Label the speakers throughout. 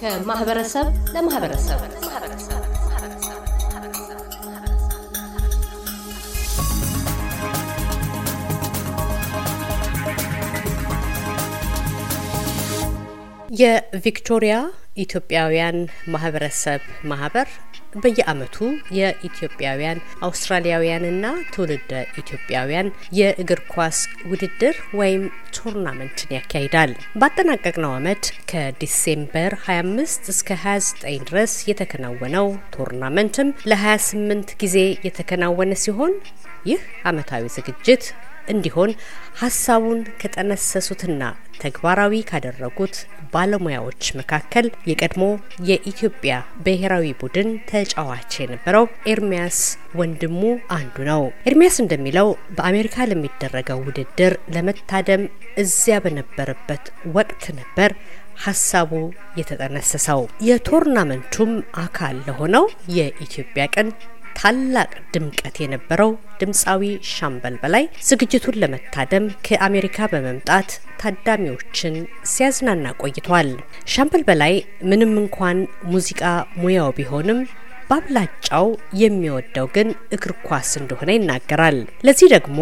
Speaker 1: ከማህበረሰብ ለማህበረሰብ
Speaker 2: የቪክቶሪያ ኢትዮጵያውያን ማህበረሰብ ማህበር በየአመቱ የኢትዮጵያውያን አውስትራሊያውያንና ትውልደ ኢትዮጵያውያን የእግር ኳስ ውድድር ወይም ቱርናመንትን ያካሂዳል። ባጠናቀቅነው አመት ከዲሴምበር 25 እስከ 29 ድረስ የተከናወነው ቱርናመንትም ለ28 ጊዜ የተከናወነ ሲሆን ይህ አመታዊ ዝግጅት እንዲሆን ሀሳቡን ከጠነሰሱትና ተግባራዊ ካደረጉት ባለሙያዎች መካከል የቀድሞ የኢትዮጵያ ብሔራዊ ቡድን ተጫዋች የነበረው ኤርሚያስ ወንድሙ አንዱ ነው። ኤርሚያስ እንደሚለው በአሜሪካ ለሚደረገው ውድድር ለመታደም እዚያ በነበረበት ወቅት ነበር ሀሳቡ የተጠነሰሰው። የቶርናመንቱም አካል ለሆነው የኢትዮጵያ ቀን ታላቅ ድምቀት የነበረው ድምፃዊ ሻምበል በላይ ዝግጅቱን ለመታደም ከአሜሪካ በመምጣት ታዳሚዎችን ሲያዝናና ቆይቷል። ሻምበል በላይ ምንም እንኳን ሙዚቃ ሙያው ቢሆንም በአብላጫው የሚወደው ግን እግር ኳስ እንደሆነ ይናገራል። ለዚህ ደግሞ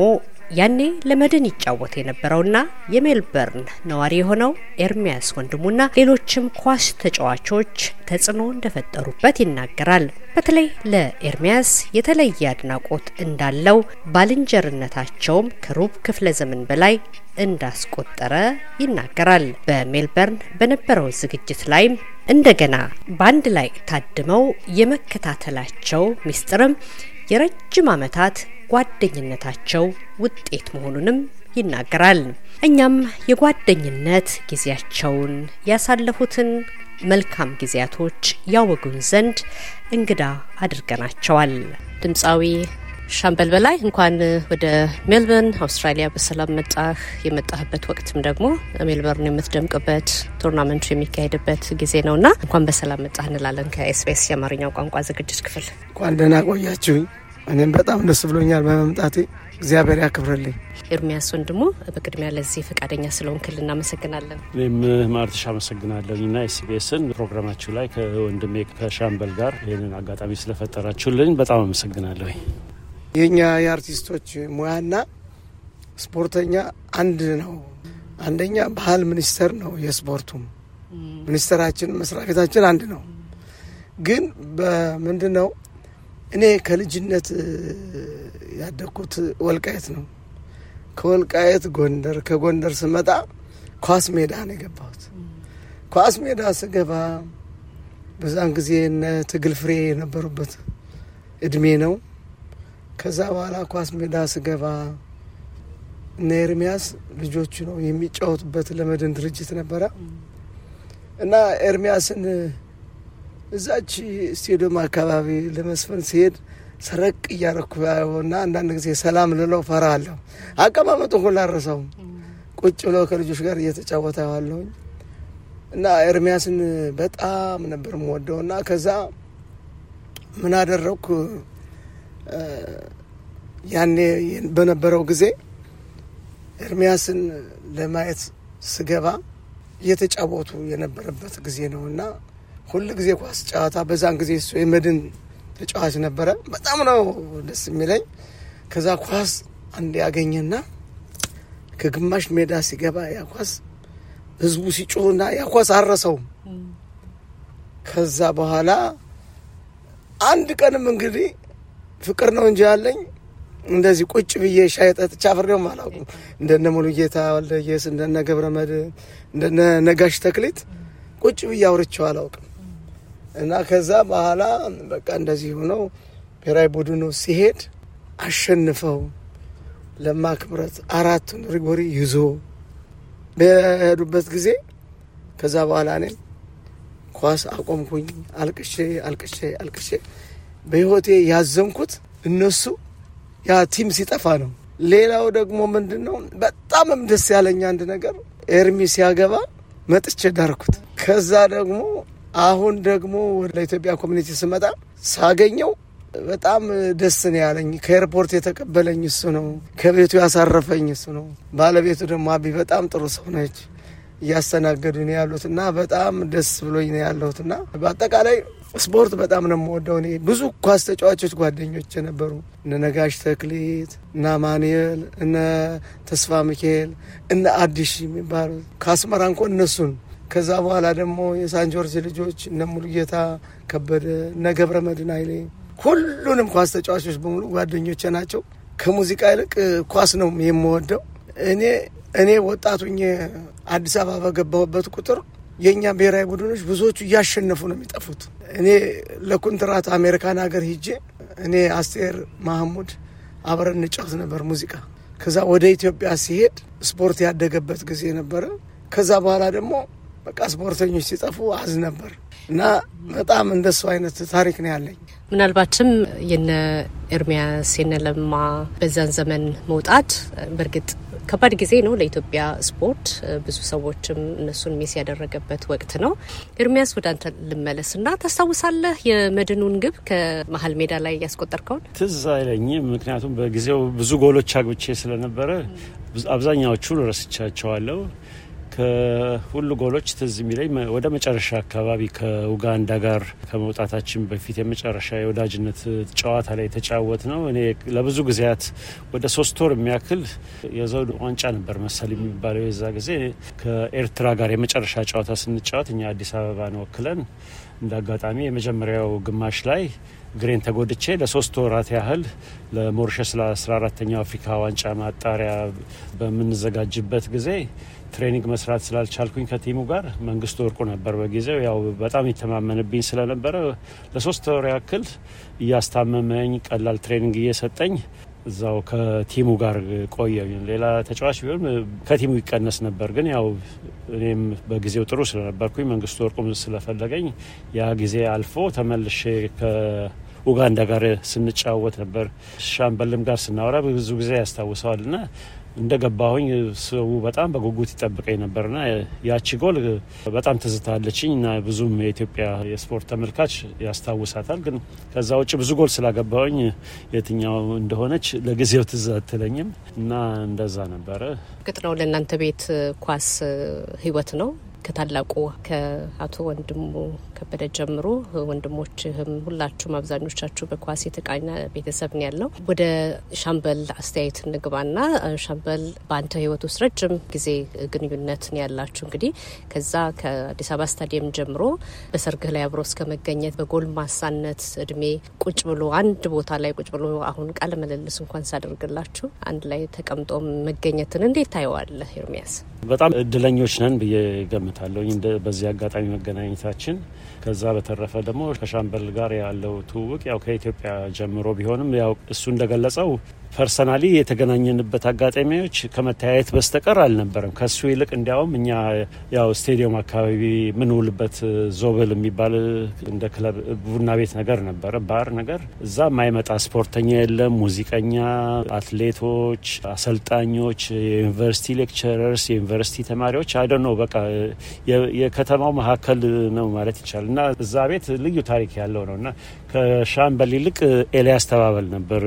Speaker 2: ያኔ ለመድን ይጫወት የነበረውና የሜልበርን ነዋሪ የሆነው ኤርሚያስ ወንድሙና ሌሎችም ኳስ ተጫዋቾች ተጽዕኖ እንደፈጠሩበት ይናገራል። በተለይ ለኤርሚያስ የተለየ አድናቆት እንዳለው ባልንጀርነታቸውም ከሩብ ክፍለ ዘመን በላይ እንዳስቆጠረ ይናገራል። በሜልበርን በነበረው ዝግጅት ላይም እንደገና በአንድ ላይ ታድመው የመከታተላቸው ሚስጥርም የረጅም ዓመታት ጓደኝነታቸው ውጤት መሆኑንም ይናገራል። እኛም የጓደኝነት ጊዜያቸውን ያሳለፉትን መልካም ጊዜያቶች ያወጉን ዘንድ እንግዳ አድርገናቸዋል። ድምፃዊ ሻምበል በላይ እንኳን ወደ ሜልበርን አውስትራሊያ በሰላም መጣህ። የመጣህበት ወቅትም ደግሞ ሜልበርን የምትደምቅበት ቱርናመንቱ የሚካሄድበት ጊዜ ነው እና እንኳን በሰላም መጣህ እንላለን ከኤስቢኤስ የአማርኛው ቋንቋ ዝግጅት ክፍል።
Speaker 3: እንኳን ደህና ቆያችሁኝ። እኔም በጣም ደስ ብሎኛል በመምጣቴ።
Speaker 2: እግዚአብሔር ያክብርልኝ። ኤርሚያስ ወንድሙ፣ በቅድሚያ ለዚህ ፈቃደኛ ክል እናመሰግናለን።
Speaker 1: እኔም ማርትሻ አመሰግናለን እና ኤስቢኤስን ፕሮግራማችሁ ላይ ከወንድሜ ከሻምበል ጋር ይህንን አጋጣሚ ስለፈጠራችሁልኝ በጣም አመሰግናለሁ። የኛ
Speaker 3: የአርቲስቶች ሙያና ስፖርተኛ አንድ ነው። አንደኛ ባህል ሚኒስቴር ነው። የስፖርቱም ሚኒስቴራችን መስሪያ ቤታችን አንድ ነው። ግን በምንድን ነው እኔ ከልጅነት ያደግኩት ወልቃየት ነው። ከወልቃየት ጎንደር፣ ከጎንደር ስመጣ ኳስ ሜዳ ነው የገባሁት። ኳስ ሜዳ ስገባ በዛን ጊዜ እነ ትግል ፍሬ የነበሩበት እድሜ ነው። ከዛ በኋላ ኳስ ሜዳ ስገባ እነ ኤርሚያስ ልጆቹ ነው የሚጫወቱበት ለመድን ድርጅት ነበረ እና ኤርሚያስን እዛች ስቴዲየም አካባቢ ለመስፈን ሲሄድ ሰረቅ እያረኩ እና አንዳንድ ጊዜ ሰላም ልለው ፈራ አለሁ። አቀማመጡ ሁላ ቁጭ ብለው ከልጆች ጋር እየተጫወተ ዋለሁኝ እና ኤርሚያስን በጣም ነበር የምወደው እና ከዛ ምን አደረግኩ ያኔ በነበረው ጊዜ ኤርሚያስን ለማየት ስገባ እየተጫወቱ የነበረበት ጊዜ ነው እና ሁል ጊዜ ኳስ ጨዋታ፣ በዛን ጊዜ እሱ የመድን ተጫዋች ነበረ። በጣም ነው ደስ የሚለኝ። ከዛ ኳስ አንድ ያገኘና ከግማሽ ሜዳ ሲገባ ያ ኳስ ህዝቡ ሲጮህና ያ ኳስ አረሰውም። ከዛ በኋላ አንድ ቀንም እንግዲህ ፍቅር ነው እንጂ ያለኝ እንደዚህ ቁጭ ብዬ ሻይ ጠጥቼ አፍሬውም አላውቅም። እንደነ ሙሉጌታ ወልደየስ፣ እንደነ ገብረመድህን፣ እንደነ ነጋሽ ተክሊት ቁጭ ብዬ አውርቼው አላውቅም። እና ከዛ በኋላ በቃ እንደዚህ ሆነው ብሔራዊ ቡድኑ ሲሄድ አሸንፈው ለማክብረት አራቱን ሪጎሪ ይዞ በሄዱበት ጊዜ ከዛ በኋላ እኔ ኳስ አቆምኩኝ። አልቅሼ አልቅሼ አልቅሼ በህይወቴ ያዘንኩት እነሱ ያ ቲም ሲጠፋ ነው። ሌላው ደግሞ ምንድን ነው በጣምም ደስ ያለኝ አንድ ነገር ኤርሚ ሲያገባ መጥቼ ዳርኩት። ከዛ ደግሞ አሁን ደግሞ ወደ ኢትዮጵያ ኮሚኒቲ ስመጣ ሳገኘው በጣም ደስ ነው ያለኝ። ከኤርፖርት የተቀበለኝ እሱ ነው። ከቤቱ ያሳረፈኝ እሱ ነው። ባለቤቱ ደግሞ አቢ በጣም ጥሩ ሰው ነች። እያስተናገዱ ነው ያሉት እና በጣም ደስ ብሎኝ ነው ያለሁት እና በአጠቃላይ ስፖርት በጣም ነው የምወደው። እኔ ብዙ ኳስ ተጫዋቾች ጓደኞች ነበሩ። እነ ነጋሽ ተክሊት፣ እነ ማንኤል፣ እነ ተስፋ ሚካኤል፣ እነ አዲሽ የሚባሉት ከአስመራ እንኳ እነሱን ከዛ በኋላ ደግሞ ጆርጅ ልጆች እነ ሙሉጌታ ከበደ እነ ገብረ መድን አይሌ ሁሉንም ኳስ ተጫዋቾች በሙሉ ጓደኞቼ ናቸው። ከሙዚቃ ይልቅ ኳስ ነው የምወደው እኔ እኔ ወጣቱኝ አዲስ አበባ በገባሁበት ቁጥር የእኛ ብሔራዊ ቡድኖች ብዙዎቹ እያሸነፉ ነው የሚጠፉት። እኔ ለኩንትራት አሜሪካን ሀገር ሂጄ እኔ አስቴር ማህሙድ አብረን እንጫወት ነበር ሙዚቃ። ከዛ ወደ ኢትዮጵያ ሲሄድ ስፖርት ያደገበት ጊዜ ነበረ። ከዛ በኋላ ደግሞ በቃ ስፖርተኞች ሲጠፉ አዝ ነበር እና በጣም እንደሱ አይነት ታሪክ ነው ያለኝ።
Speaker 2: ምናልባትም የነ ኤርሚያስ የነ ለማ በዛን ዘመን መውጣት በእርግጥ ከባድ ጊዜ ነው ለኢትዮጵያ ስፖርት። ብዙ ሰዎችም እነሱን ሚስ ያደረገበት ወቅት ነው። ኤርሚያስ ወደ አንተ ልመለስ እና ታስታውሳለህ የመድኑን ግብ ከመሀል ሜዳ ላይ ያስቆጠርከውን?
Speaker 1: ትዝ አይለኝም፣ ምክንያቱም በጊዜው ብዙ ጎሎች አግብቼ ስለነበረ አብዛኛዎቹ ረስቻቸዋለሁ። ከሁሉ ጎሎች ትዝ የሚለኝ ወደ መጨረሻ አካባቢ ከኡጋንዳ ጋር ከመውጣታችን በፊት የመጨረሻ የወዳጅነት ጨዋታ ላይ የተጫወት ነው። እኔ ለብዙ ጊዜያት ወደ ሶስት ወር የሚያክል የዘውድ ዋንጫ ነበር መሰል የሚባለው የዛ ጊዜ ከኤርትራ ጋር የመጨረሻ ጨዋታ ስንጫወት እኛ አዲስ አበባን ወክለን እንደ አጋጣሚ የመጀመሪያው ግማሽ ላይ ግሬን ተጎድቼ ለሶስት ወራት ያህል ለሞሪሸስ ለ14ተኛው አፍሪካ ዋንጫ ማጣሪያ በምንዘጋጅበት ጊዜ ትሬኒንግ መስራት ስላልቻልኩኝ ከቲሙ ጋር መንግስቱ ወርቁ ነበር በጊዜው ያው በጣም የተማመንብኝ ስለነበረ ለሶስት ወር ያክል እያስታመመኝ ቀላል ትሬኒንግ እየሰጠኝ እዛው ከቲሙ ጋር ቆየኝ። ሌላ ተጫዋች ቢሆን ከቲሙ ይቀነስ ነበር፣ ግን ያው እኔም በጊዜው ጥሩ ስለነበርኩኝ መንግስቱ ወርቁም ስለፈለገኝ ያ ጊዜ አልፎ ተመልሼ ከኡጋንዳ ጋር ስንጫወት ነበር። ሻምበልም ጋር ስናወራ ብዙ ጊዜ ያስታውሰዋል ና። እንደገባሁኝ ሰው በጣም በጉጉት ይጠብቀኝ ነበርና ያቺ ጎል በጣም ትዝታለችኝ እና ብዙም የኢትዮጵያ የስፖርት ተመልካች ያስታውሳታል። ግን ከዛ ውጭ ብዙ ጎል ስላገባሁኝ የትኛው እንደሆነች ለጊዜው ትዝ አትለኝም እና እንደዛ ነበረ።
Speaker 2: እርግጥ ነው ለእናንተ ቤት ኳስ ህይወት ነው። ከታላቁ ከአቶ ወንድሙ ከበደ ጀምሮ ወንድሞችህም ሁላችሁም አብዛኞቻችሁ በኳስ የተቃኘ ቤተሰብ ነው ያለው። ወደ ሻምበል አስተያየት እንግባና ሻምበል በአንተ ህይወት ውስጥ ረጅም ጊዜ ግንኙነት ነው ያላችሁ። እንግዲህ ከዛ ከአዲስ አበባ ስታዲየም ጀምሮ በሰርግህ ላይ አብሮ እስከ መገኘት በጎልማሳነት እድሜ ቁጭ ብሎ አንድ ቦታ ላይ ቁጭ ብሎ አሁን ቃለ ምልልስ እንኳን ሳደርግላችሁ አንድ ላይ ተቀምጦ መገኘትን እንዴት ታየዋለህ ኤርሚያስ?
Speaker 1: በጣም እድለኞች ነን ብዬ ገምታለሁ በዚህ አጋጣሚ መገናኘታችን ከዛ በተረፈ ደግሞ ከሻምበል ጋር ያለው ትውውቅ ያው ከኢትዮጵያ ጀምሮ ቢሆንም ያው እሱ እንደገለጸው ፐርሰናሊ የተገናኘንበት አጋጣሚዎች ከመተያየት በስተቀር አልነበረም። ከሱ ይልቅ እንዲያውም እኛ ያው ስቴዲየም አካባቢ ምንውልበት ዞብል የሚባል እንደ ክለብ ቡና ቤት ነገር ነበረ፣ ባር ነገር። እዛ የማይመጣ ስፖርተኛ የለም። ሙዚቀኛ፣ አትሌቶች፣ አሰልጣኞች፣ የዩኒቨርሲቲ ሌክቸረርስ፣ የዩኒቨርሲቲ ተማሪዎች አይደ ነው በቃ የከተማው መካከል ነው ማለት ይቻላል። እና እዛ ቤት ልዩ ታሪክ ያለው ነው እና ከሻምበል ይልቅ ኤልያስ ተባበል ነበር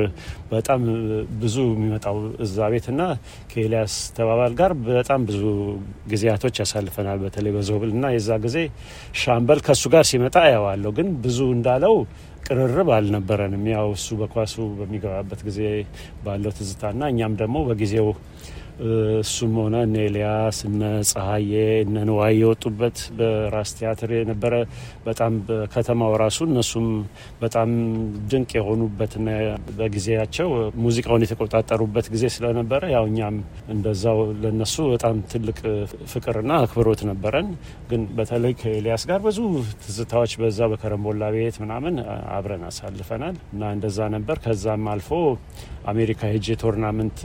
Speaker 1: በጣም ብዙ የሚመጣው እዛ ቤትና ከኤልያስ ተባባል ጋር በጣም ብዙ ጊዜያቶች ያሳልፈናል። በተለይ በዞብል እና የዛ ጊዜ ሻምበል ከእሱ ጋር ሲመጣ ያዋለው ግን ብዙ እንዳለው ቅርርብ አልነበረንም። ያው እሱ በኳሱ በሚገባበት ጊዜ ባለው ትዝታና እኛም ደግሞ በጊዜው እሱም ሆነ እነ ኤልያስ እነ ፀሐዬ እነ ንዋይ የወጡበት በራስ ቲያትር የነበረ በጣም በከተማው ራሱ እነሱም በጣም ድንቅ የሆኑበትና በጊዜያቸው ሙዚቃውን የተቆጣጠሩበት ጊዜ ስለነበረ ያው እኛም እንደዛው ለነሱ በጣም ትልቅ ፍቅርና አክብሮት ነበረን። ግን በተለይ ከኤልያስ ጋር ብዙ ትዝታዎች በዛ በከረምቦላ ቤት ምናምን አብረን አሳልፈናል እና እንደዛ ነበር። ከዛም አልፎ አሜሪካ ሄጄ ቶርናመንት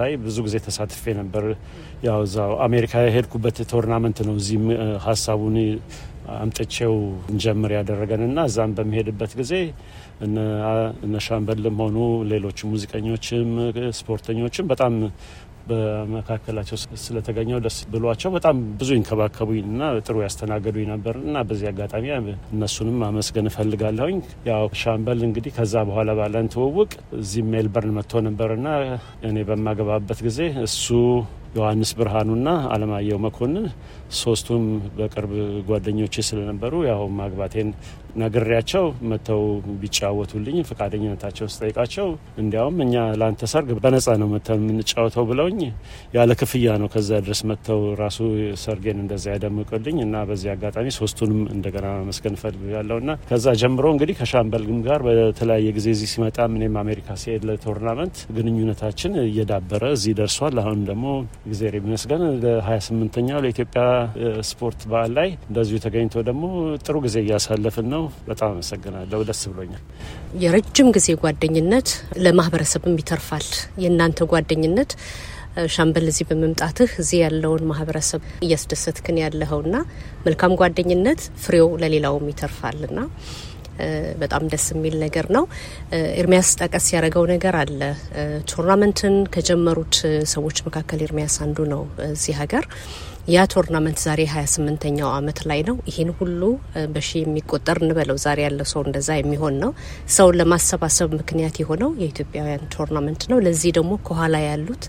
Speaker 1: ላይ ብዙ ጊዜ ተሳትፌ ነበር። ያው እዛው አሜሪካ የሄድኩበት ቶርናመንት ነው እዚህ ሀሳቡን አምጥቼው እንጀምር ያደረገን እና እዛም በሚሄድበት ጊዜ እነ ሻምበልም ሆኑ ሌሎች ሙዚቀኞችም ስፖርተኞችም በጣም በመካከላቸው ስለተገኘው ደስ ብሏቸው በጣም ብዙ እና ጥሩ ያስተናገዱኝ ነበር እና በዚህ አጋጣሚ እነሱንም አመስገን እፈልጋለሁኝ። ያው ሻምበል እንግዲህ ከዛ በኋላ ባለን ትውውቅ እዚህ ሜልበርን መጥቶ ነበርና እኔ በማገባበት ጊዜ እሱ ዮሐንስ ብርሃኑና አለማየሁ መኮንን ሶስቱም በቅርብ ጓደኞች ስለነበሩ ያው ማግባቴን ነግሬያቸው መተው ቢጫወቱልኝ ፈቃደኝነታቸው ስጠይቃቸው እንዲያውም እኛ ለአንተ ሰርግ በነጻ ነው መተው የምንጫወተው ብለውኝ ያለ ክፍያ ነው ከዛ ድረስ መተው ራሱ ሰርጌን እንደዚያ ያደምቁልኝ እና በዚህ አጋጣሚ ሶስቱንም እንደገና መስገን ፈልግ ያለው እና ከዛ ጀምሮ እንግዲህ ከሻምበልግም ጋር በተለያየ ጊዜ እዚህ ሲመጣ እኔም አሜሪካ ሲሄድ ለቶርናመንት ግንኙነታችን እየዳበረ እዚህ ደርሷል። አሁን ደግሞ እግዜር ይመስገን ለ28ኛው ለኢትዮጵያ ስፖርት በዓል ላይ እንደዚሁ ተገኝቶ ደግሞ ጥሩ ጊዜ እያሳለፍን ነው። ነው። በጣም አመሰግናለሁ። ደስ ብሎኛል።
Speaker 2: የረጅም ጊዜ ጓደኝነት ለማህበረሰብም ይተርፋል። የእናንተ ጓደኝነት ሻምበል እዚህ በመምጣትህ እዚህ ያለውን ማህበረሰብ እያስደሰትክን ያለኸውና መልካም ጓደኝነት ፍሬው ለሌላውም ይተርፋልና በጣም ደስ የሚል ነገር ነው። ኤርሚያስ ጠቀስ ያደረገው ነገር አለ። ቱርናመንትን ከጀመሩት ሰዎች መካከል ኤርሚያስ አንዱ ነው እዚህ ሀገር ያ ቶርናመንት ዛሬ 28ኛው አመት ላይ ነው። ይህን ሁሉ በሺ የሚቆጠር እንበለው ዛሬ ያለው ሰው እንደዛ የሚሆን ነው። ሰውን ለማሰባሰብ ምክንያት የሆነው የኢትዮጵያውያን ቶርናመንት ነው። ለዚህ ደግሞ ከኋላ ያሉት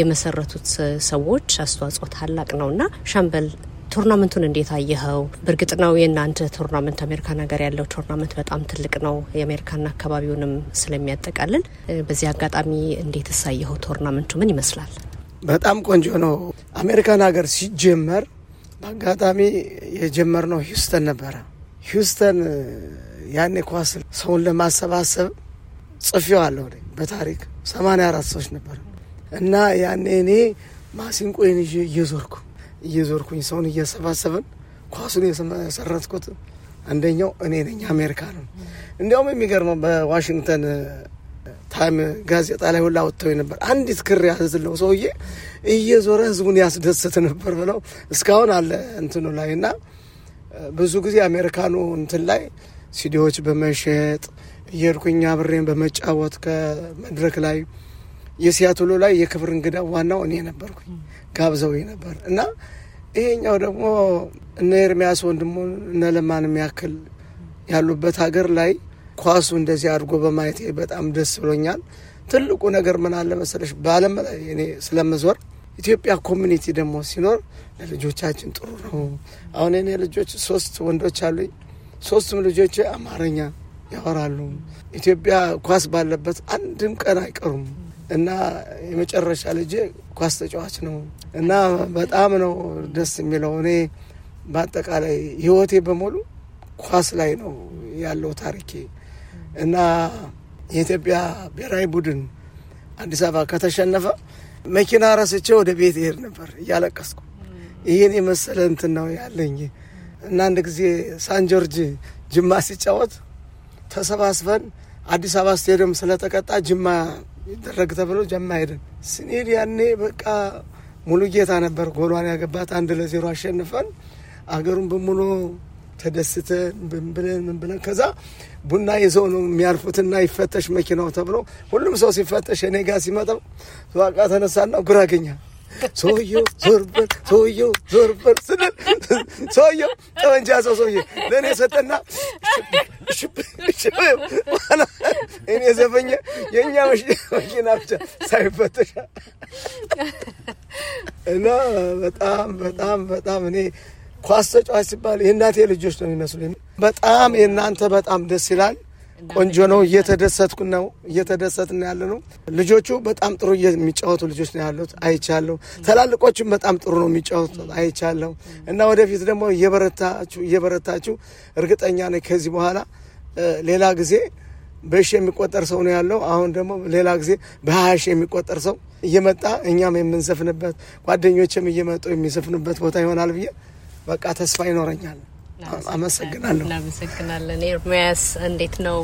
Speaker 2: የመሰረቱት ሰዎች አስተዋጽኦ ታላቅ እና ሻምበል ቶርናመንቱን እንዴት አየኸው? በእርግጥ ነው የእናንተ ቶርናመንት አሜሪካን ሀገር ያለው ቶርናመንት በጣም ትልቅ ነው፣ የአሜሪካና አካባቢውንም ስለሚያጠቃልል በዚህ አጋጣሚ እንዴት
Speaker 3: እሳየኸው? ቶርናመንቱ ምን ይመስላል? በጣም ቆንጆ ነው። አሜሪካን ሀገር ሲጀመር በአጋጣሚ የጀመርነው ሂውስተን ነበረ። ሂውስተን ያኔ ኳስ ሰውን ለማሰባሰብ ጽፌዋለሁ በታሪክ 84 ሰዎች ነበር እና ያኔ እኔ ማሲንቆይን እየዞርኩ እየዞርኩኝ ሰውን እያሰባሰብን ኳሱን የሰረትኩት አንደኛው እኔ ነኝ። አሜሪካ ነው። እንዲያውም የሚገርመው በዋሽንግተን ታይም ጋዜጣ ላይ ሁላ ወጥተው ነበር። አንዲት ክር ያዘዝለው ሰውዬ እየዞረ ህዝቡን ያስደስት ነበር ብለው እስካሁን አለ እንትኑ ላይ እና ብዙ ጊዜ አሜሪካኑ እንትን ላይ ሲዲዎች በመሸጥ እየሄድኩኝ ብሬን በመጫወት ከመድረክ ላይ የሲያትሎ ላይ የክብር እንግዳ ዋናው እኔ ነበርኩኝ። ጋብዘው ነበር እና ይሄኛው ደግሞ እነ ኤርሚያስ ወንድሙ እነ ለማን የሚያክል ያሉበት ሀገር ላይ ኳሱ እንደዚህ አድርጎ በማየቴ በጣም ደስ ብሎኛል። ትልቁ ነገር ምን አለ መሰለሽ፣ በዓለም ላይ እኔ ስለምዞር ኢትዮጵያ ኮሚኒቲ ደግሞ ሲኖር ለልጆቻችን ጥሩ ነው። አሁን እኔ ልጆች ሶስት ወንዶች አሉኝ። ሶስቱም ልጆች አማርኛ ያወራሉ። ኢትዮጵያ ኳስ ባለበት አንድም ቀን አይቀሩም እና የመጨረሻ ልጄ ኳስ ተጫዋች ነው እና በጣም ነው ደስ የሚለው። እኔ በአጠቃላይ ህይወቴ በሙሉ ኳስ ላይ ነው ያለው ታሪኬ። እና የኢትዮጵያ ብሔራዊ ቡድን አዲስ አበባ ከተሸነፈ መኪና ረስቼ ወደ ቤት ይሄድ ነበር እያለቀስኩ። ይህን የመሰለ እንትን ነው ያለኝ እና አንድ ጊዜ ጆርጅ ጅማ ሲጫወት ተሰባስበን አዲስ አበባ ስቴዲየም ስለተቀጣ ጅማ ይደረግ ተብሎ ጀማ ሄደን ስንሄድ ያኔ በቃ ሙሉ ጌታ ነበር ጎሏን ያገባት አንድ ለዜሮ አሸንፈን አገሩን በሙሉ ተደስተ ብለን ብለን ከዛ ቡና ይዘው ነው የሚያርፉትና ይፈተሽ መኪናው ተብሎ ሁሉም ሰው ሲፈተሽ እኔ ጋር ሲመጣ ዋቃ ተነሳና ጉራገኛ ሰውየው ዞር በል ሰውየው ዞር በል ስንል ሰውየው ጠመንጃ ሰው ሰውዬ ለእኔ ሰጠና እኔ ዘፈኛ የእኛ መኪና ብቻ ሳይፈተሻ እና በጣም በጣም በጣም እኔ ኳስ ተጫዋች ሲባል የእናቴ ልጆች ነው የሚመስሉኝ። በጣም የእናንተ በጣም ደስ ይላል። ቆንጆ ነው። እየተደሰትኩ ነው እየተደሰትን ያለ ነው። ልጆቹ በጣም ጥሩ የሚጫወቱ ልጆች ነው ያሉት አይቻለሁ። ትላልቆቹም በጣም ጥሩ ነው የሚጫወቱ አይቻለሁ። እና ወደፊት ደግሞ እየበረታችሁ እየበረታችሁ እርግጠኛ ነኝ ከዚህ በኋላ ሌላ ጊዜ በሺ የሚቆጠር ሰው ነው ያለው። አሁን ደግሞ ሌላ ጊዜ በሀያ ሺ የሚቆጠር ሰው እየመጣ እኛም የምንዘፍንበት ጓደኞችም እየመጡ የሚዘፍንበት ቦታ ይሆናል ብዬ በቃ ተስፋ ይኖረኛል።
Speaker 2: አመሰግናለሁ። እናመሰግናለን። ኤርሚያስ እንዴት ነው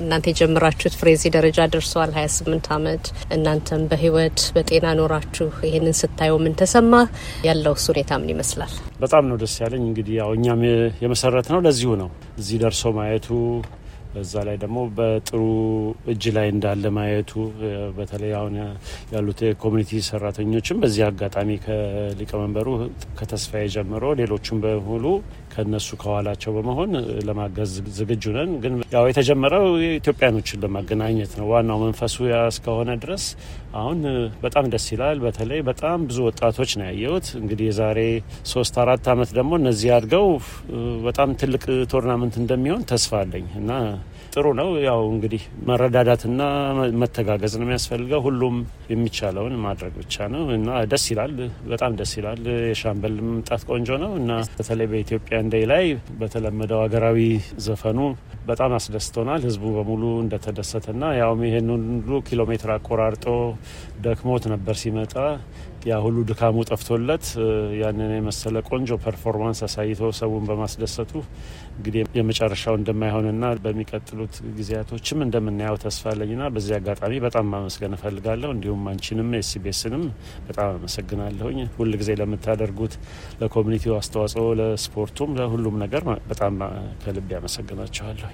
Speaker 2: እናንተ የጀመራችሁት ፍሬዚ ደረጃ ደርሰዋል። ሀያ ስምንት አመት እናንተም በህይወት በጤና ኖራችሁ ይህንን ስታየው ምን ተሰማ? ያለው ሁኔታ ምን ይመስላል?
Speaker 1: በጣም ነው ደስ ያለኝ። እንግዲህ ያው እኛም የመሰረት ነው ለዚሁ ነው እዚህ ደርሶ ማየቱ በዛ ላይ ደግሞ በጥሩ እጅ ላይ እንዳለ ማየቱ በተለይ አሁን ያሉት የኮሚኒቲ ሰራተኞችም በዚህ አጋጣሚ ከሊቀመንበሩ ከተስፋዬ ጀምሮ ሌሎቹም በሙሉ ከነሱ ከኋላቸው በመሆን ለማገዝ ዝግጁ ነን። ግን ያው የተጀመረው ኢትዮጵያኖችን ለማገናኘት ነው ዋናው መንፈሱ ያ እስከሆነ ድረስ አሁን በጣም ደስ ይላል። በተለይ በጣም ብዙ ወጣቶች ነው ያየሁት። እንግዲህ የዛሬ ሶስት አራት አመት ደግሞ እነዚህ አድገው በጣም ትልቅ ቶርናመንት እንደሚሆን ተስፋ አለኝ እና ጥሩ ነው። ያው እንግዲህ መረዳዳትና መተጋገዝ ነው የሚያስፈልገው። ሁሉም የሚቻለውን ማድረግ ብቻ ነው እና ደስ ይላል፣ በጣም ደስ ይላል። የሻምበል መምጣት ቆንጆ ነው እና በተለይ በኢትዮጵያ እንደ ላይ በተለመደው ሀገራዊ ዘፈኑ በጣም አስደስቶናል። ህዝቡ በሙሉ እንደተደሰተና ያውም ይህን ሁሉ ኪሎ ሜትር አቆራርጦ ደክሞት ነበር ሲመጣ ያ ሁሉ ድካሙ ጠፍቶለት ያንን የመሰለ ቆንጆ ፐርፎርማንስ አሳይቶ ሰውን በማስደሰቱ እንግዲህ የመጨረሻው እንደማይሆንና በሚቀጥሉት ጊዜያቶችም እንደምናየው ተስፋ አለኝና በዚህ አጋጣሚ በጣም ማመስገን እፈልጋለሁ። እንዲሁም አንቺንም ኤስቢኤስንም በጣም አመሰግናለሁኝ። ጊዜ ለምታደርጉት ለኮሚኒቲው አስተዋጽኦ፣ ለስፖርቱም፣ ለሁሉም ነገር በጣም ከልብ ያመሰግናችኋለሁ።